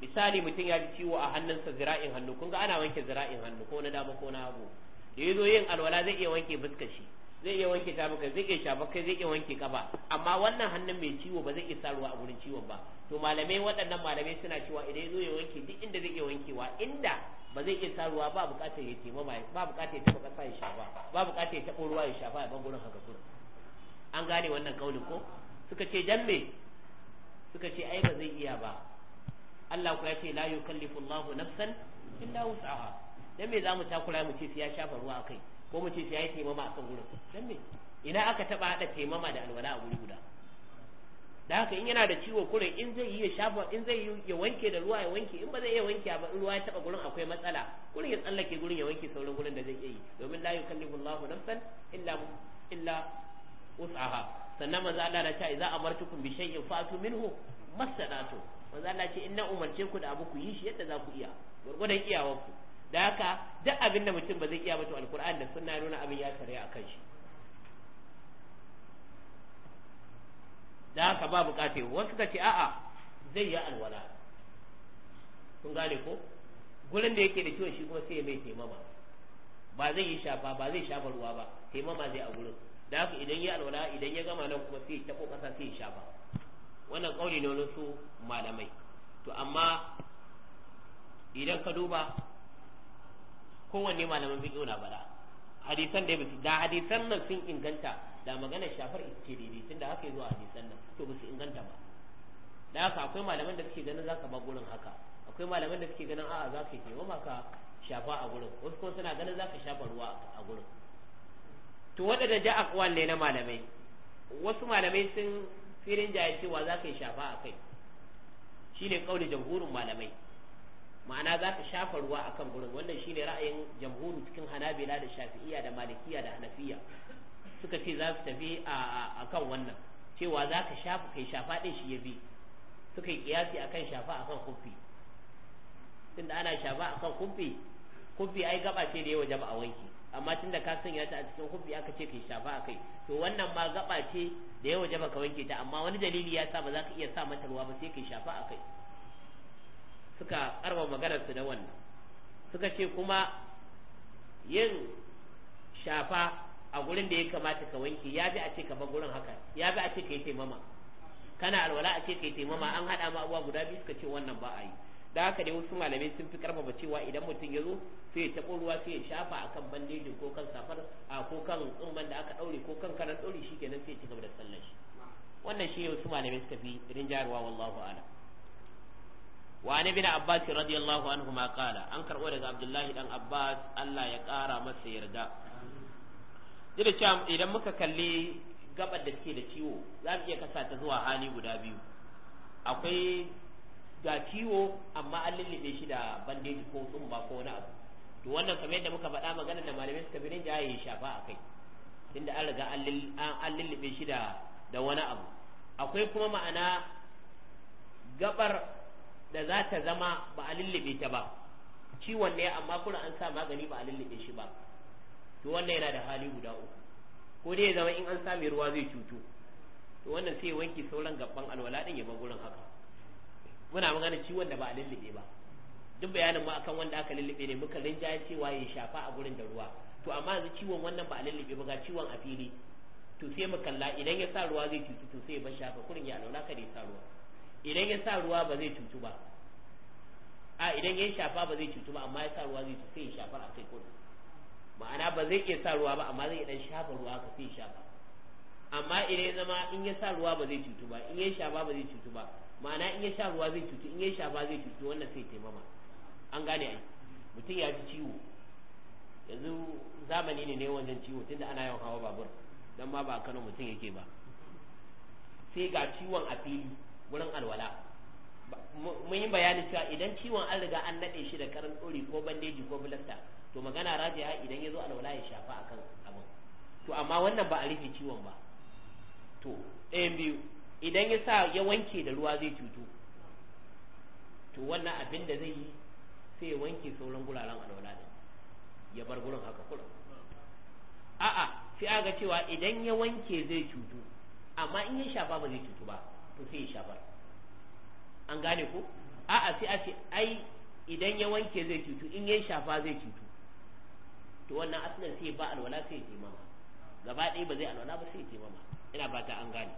misali mutum ya ji ciwo a hannunsa zira'in hannu kun ga ana wanke zira'in hannu ko na dama ko na hagu da ya zo yin alwala zai iya wanke fuskar shi zai iya wanke tafuka zai iya shafa kai zai iya wanke kafa amma wannan hannun mai ciwo ba zai iya saruwa a gurin ciwon ba to malamai waɗannan malamai suna cewa idan ya zo ya wanke duk inda zai iya wankewa inda ba zai iya taruwa ba bukatar ya taimama ba bukatar ya taɓa kasa ya shafa ba bukatar ya taɓa ruwa ya shafa a bangunan haka kuma an gane wannan kaulin ko suka ce dan me suka ce ai ba zai iya ba Allah ku ya ce la yukallifu Allahu nafsan illa wus'aha dan me zamu takura mu ce ya shafa ruwa akai ko mu ce ya yi taimama akan gurin dan me ina aka taba hada taimama da alwala a guri guda da haka in yana da ciwo kurin in zai yi ya shafa in zai yi ya wanke da ruwa ya wanke in ba zai iya wanke ba in ruwa ya taba gurin akwai matsala gurin ya tsallake gurin ya wanke sauran gurin da zai iya yi domin la yukallifu Allahu nafsan illa illa wus'aha sannan manzo Allah na ce idza amartukum bi shay'in fa'tu minhu masadatu manzo Allah ce inna umarce ku da abu ku yi shi yadda za ku iya gurgudan iyawarku da haka duk abin da mutum ba zai iya ba to alquran da sunna nuna abin ya tare akan shi da haka ba bukata wasu ka ce a'a zai yi alwala kun gane ko gurin da yake da ciwon shi kuma sai mai taimama ba zai yi shafa ba zai shafa ruwa ba taimama zai a gurin da haka idan ya alwala idan ya gama nan kuma sai ya tabo kasa sai ya shafa wannan kauli ne wani su malamai to amma idan ka duba kowanne malaman fiƙi na bara. hadisan da da hadisan nan sun inganta da maganar shafar ita ce daidai tun da haka zuwa hadisan nan to ba su inganta ba da haka akwai malaman da suke ganin zaka ba gurin haka akwai malaman da suke ganin a'a zaka yi ba ka shafa a gurin wasu kuma suna ganin zaka shafa ruwa a gurin to waɗanda da akwal ne na malamai wasu malamai sun firin jaya cewa za ka yi shafa a kai shi ne kauli jamhurin malamai ma'ana za ka shafa ruwa a kan gurin wannan shi ne ra'ayin jamhurin cikin hanabila da shafi'iya da malikiya da hanafiya suka ce za su tafi a kan wannan cewa za ka shafa kai shafa ɗin shi ya bi suka yi kiyasi akan shafa akan tun tunda ana shafa akan kumfi kumfi ai gaba ce da yawa jama'a wanki amma tunda ka sanya ta a cikin kumfi aka ce kai shafa akai to wannan ma gaba ce da yawa jama'a ka wanke ta amma wani dalili ya sa ba za ka iya sa mata ruwa ba sai kai shafa akai suka karba maganar su da wannan suka ce kuma yin shafa a gurin da ya kamata ka wanke ya bi a ce ka bar gurin haka ya bi a ce ka yi taimama kana alwala a ce ka yi taimama an haɗa ma abuwa guda biyu suka ce wannan ba a yi da haka dai wasu malamai sun fi karfafa cewa idan mutum ya zo sai ya taɓo ruwa sai ya shafa a kan bandejin ko kan safar a ko kan tsumman da aka ɗaure ko kan karan ɗaure shi kenan sai ya ci gaba da sallar shi wannan shi wasu malamai suka fi rinjarwa wallahu a'lam وعن ابن عباس رضي الله عنهما قال karɓo daga عبد الله بن عباس ya يقارى masa yarda. da cewa idan muka kalli gabar da take da ciwo za mu iya kasa ta zuwa hali guda biyu akwai ga kiwo amma an lullube shi da bandeji ko tsumba ko wani abu to wannan kamar yadda muka faɗa magana da malamai suka bi rinja ya shafa a kai tunda an riga an lullube shi da wani abu akwai kuma ma'ana gabar da za ta zama ba a lullube ta ba ciwon ne amma kuma an sa magani ba a lullube shi ba to wannan yana da hali guda uku ko dai ya zama in an sami ruwa zai cuto to wannan sai ya wanke sauran gaban alwala din ya bar gurin haka muna magana ciwon da ba a lullube ba duk bayanin ma akan wanda aka lullube ne muka rinja cewa ya shafa a gurin da ruwa to amma yanzu ciwon wannan ba a lullube ba ga ciwon a fili to sai mu kalla idan ya sa ruwa zai cutu to sai ya bar shafa kurin ya alwala kada ya sa ruwa idan ya sa ruwa ba zai cutu ba a idan ya shafa ba zai cutu ba amma ya sa ruwa zai cutu sai ya shafa a kai kurin ma'ana ba zai iya sa ruwa ba amma zai dan shafa ruwa ka sai shafa amma idan zama in ya sa ruwa ba zai cutu ba in ya shafa ba zai cutu ba ma'ana in ya sa ruwa zai cutu in ya shafa zai cutu wannan sai taimama an gane ai mutum ya ji ciwo yanzu zamani ne ne wannan ciwo tunda ana yawan hawa babur dan ma ba Kano mutum yake ba sai ga ciwon a fili wurin alwala mun yi bayani cewa idan ciwon an riga an nade shi da karan dori ko bandeji ko filasta to magana rajiya idan ya zo alwala ya shafa akan abin to amma wannan ba a rufe ciwon ba to ɗayan biyu idan ya sa ya wanke da ruwa zai cutu to wannan abin da zai yi sai ya wanke sauran guraren alwala din ya bar gurin haka kurin a'a sai aga cewa idan ya wanke zai cutu amma in ya shafa ba zai cutu ba to sai ya shafar an gane ko a'a sai a ce ai idan ya wanke zai cutu in ya shafa zai cutu to wannan asnan sai ba alwala sai ya mama gaba ɗaya ba zai alwala ba sai ya mama ina an gane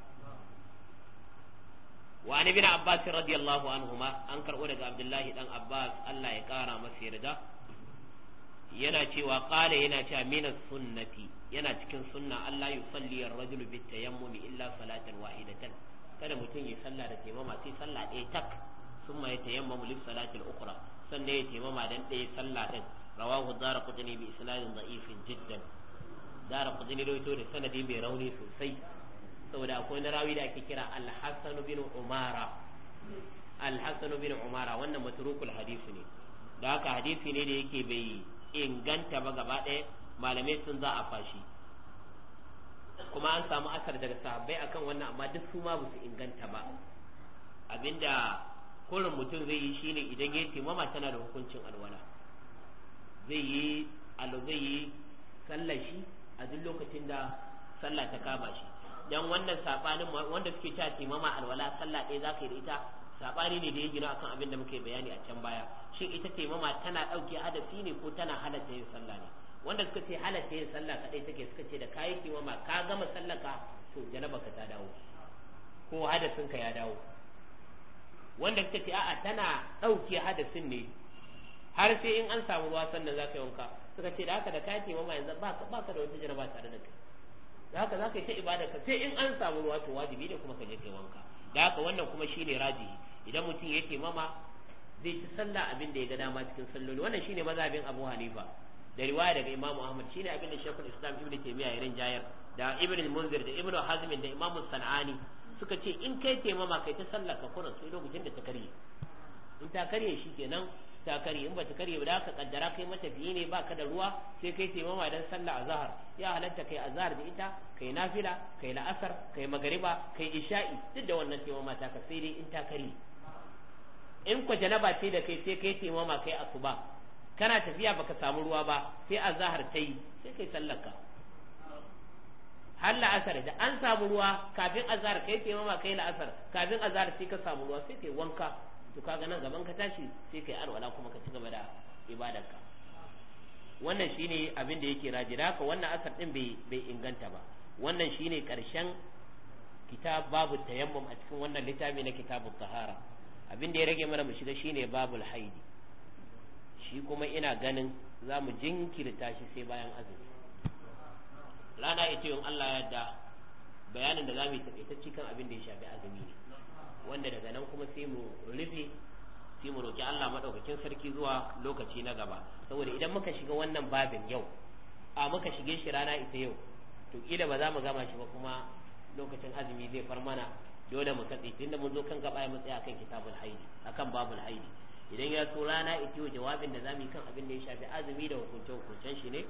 wa ni bin abbas radiyallahu anhuma an karɓo daga abdullahi dan abbas Allah ya kara masa yarda yana cewa ƙala yana cewa minas sunnati yana cikin sunna Allah ya salli ar-rajul bi tayammum illa salatan wahidatan kada mutum ya sallah da taimama sai salla ɗaya tak sun ma ya tayammamu lil salatil ukhra sannan ya taimama dan ɗaya salla din rawahu darqutni bi isnadin da'ifin jiddan darqutni rawaito da sanadi mai rauni sosai saboda akwai na rawi da ake kira al bin umara al bin umara wannan matrukul hadisi ne da haka hadisi ne da yake bai inganta ba gaba ɗaya malamai sun za a fashi kuma an samu asar daga sahabbai akan wannan amma duk su ma ba inganta ba abinda kurin mutum zai yi shine idan ya taimama tana da hukuncin alwala zai yi alo zai yi sallar shi a duk lokacin da sallah ta kama shi dan wannan sabanin wanda suke ta timama alwala sallah ɗaya za ka yi da ita sabani ne da ya gina akan abin da muke bayani a can baya shin ita taimama tana ɗauke hadafi ne ko tana halatta yin sallah ne wanda suka ce halatta yin sallah kadai take suka ce da kayi taimama ka gama ka to janaba ka ta dawo ko hadasin ka ya dawo wanda suka ce a'a tana ɗauke hadasin ne har sai in an samu ruwa sannan za ka yi wanka suka ce da haka da kake ma yanzu ba ka da wata jaraba tare da kai da haka za ka yi ta ibada ka sai in an samu ruwa to wajibi ne kuma ka je kai wanka da haka wannan kuma shine rajihi idan mutum yake mama zai ci sallah abin da ya ga dama cikin salloli wannan shine mazhabin Abu Hanifa da riwaya daga Imam Ahmad shine abin da Sheikhul Islam Ibn Taymiyyah ya rinjayar da Ibn Munzir da Ibn hazmin da Imam Sanani suka ce in kai taimama kai ta sallah ka kuran sai lokacin da ta karye in ta karye kenan ta kare in bata karye ba da ka kaddara kai matafiyi ne ba ka da ruwa sai kai taimama dan sallah azhar ya halatta kai azhar da ita kai nafila kai la'asar kai magariba kai isha'i duk da wannan taimama ta ka sai dai in ta karye in ku janaba ce da kai sai kai taimama kai asuba kana tafiya baka samu ruwa ba sai azhar ta yi sai kai ka har la'asar da an samu ruwa kafin azhar kai taimama kai la'asar kafin azhar sai ka samu ruwa sai kai wanka to kaga nan gaban ka tashi sai kai alwala kuma ka ci gaba da ibadarka wannan shine abin da yake raji da wannan asar din bai bai inganta ba wannan shine karshen kitab babu tayammum a cikin wannan littafi na kitabun tahara abin da ya rage mana mu shiga shine babul haidi shi kuma ina ganin za mu jinkirta shi sai bayan azumi rana ita yin Allah yadda bayanin da za mu yi ta cikin abin da ya shafi azumi ne wanda daga nan kuma sai mu rufe sai mu roki Allah madaukakin sarki zuwa lokaci na gaba saboda idan muka shiga wannan babin yau a muka shige shi rana ita yau to kila ba za mu gama shi ba kuma lokacin azumi zai far mana dole mu katse tunda mun zo kan gaba ya matsaya akan kitabul haidi akan babul haidi idan ya so rana ita yau jawabin da zamu yi kan abin da ya shafi azumi da hukunce hukuncen shi ne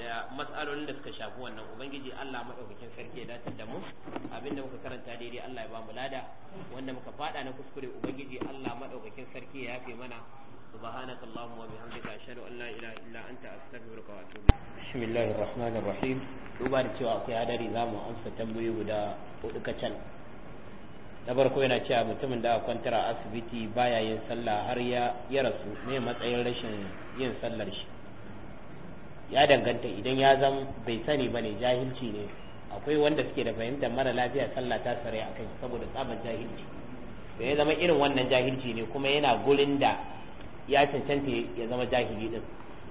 da matsalolin da suka shafi wannan ubangiji Allah madaukakin sarki ya dace da mu abinda muka karanta daidai Allah ya ba mu lada wanda muka fada na kuskure ubangiji Allah madaukakin sarki ya yafe mana سبحانك اللهم وبحمدك اشهد ان لا اله الا انت استغفرك واتوب اليك بسم الله الرحمن الرحيم duba da cewa akwai hadari za mu amsa tambayoyi guda hudu kacal na farko yana cewa mutumin da kwantar a asibiti baya yin sallah har ya rasu ne matsayin rashin yin sallar shi ya danganta idan ya zan bai sani ba ne jahilci ne akwai wanda suke da fahimtar mara lafiya sallah ta tsare a kai saboda tsaban jahilci da ya zama irin wannan jahilci ne kuma yana gurin da ya cancanta ya zama jahili din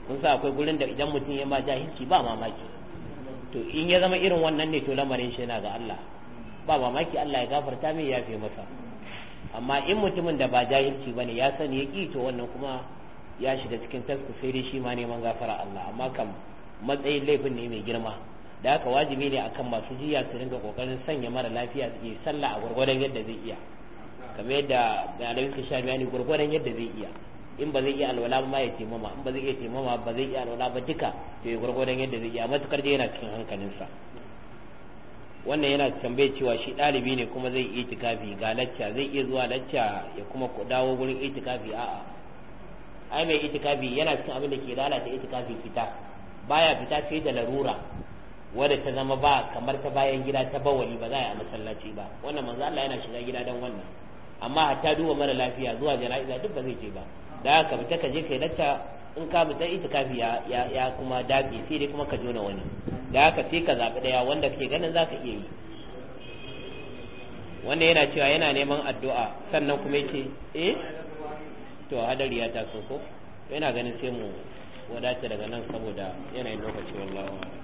kun sa akwai gurin da idan mutum ya ma jahilci ba mamaki to in ya zama irin wannan ne to lamarin shi yana ga Allah ba mamaki Allah ya gafarta mai ya fi masa amma in mutumin da ba jahilci bane ya sani ya ƙi to wannan kuma ya shiga cikin tasku sai dai shi ma neman gafara Allah amma kam matsayin laifin ne mai girma da haka wajibi ne akan masu jiya su ringa kokarin sanya mara lafiya su yi sallah a gwargwadon yadda zai iya kamar yadda malamai ka sha bayani gwargwadon yadda zai iya in ba zai iya alwala ba ya taimama in ba zai iya taimama ba zai iya alwala ba duka to ya gwargwadon yadda zai iya matukar dai yana cikin hankalinsa wannan yana tambaye cewa shi ɗalibi ne kuma zai iya itikafi ga lacca zai iya zuwa lacca ya kuma dawo gurin itikafi a'a ai mai itikafi yana cikin abin da ke lalata itikafi fita baya fita sai da larura wadda ta zama ba kamar ta bayan gida ta bawali ba za a masallaci ba wannan manzo Allah yana shiga gida dan wannan amma hatta duba mara lafiya zuwa jana'iza duk ba zai je ba da haka fita ka je kai latta in ka fita itikafi ya ya, kuma dabi sai dai kuma ka jona wani da haka sai ka zabi daya wanda kake ganin zaka iya yi wanda yana cewa yana neman addu'a sannan kuma yake eh to hadari ya taso ko yana ganin sai mu wadace daga nan saboda yanayin lokaci wallahi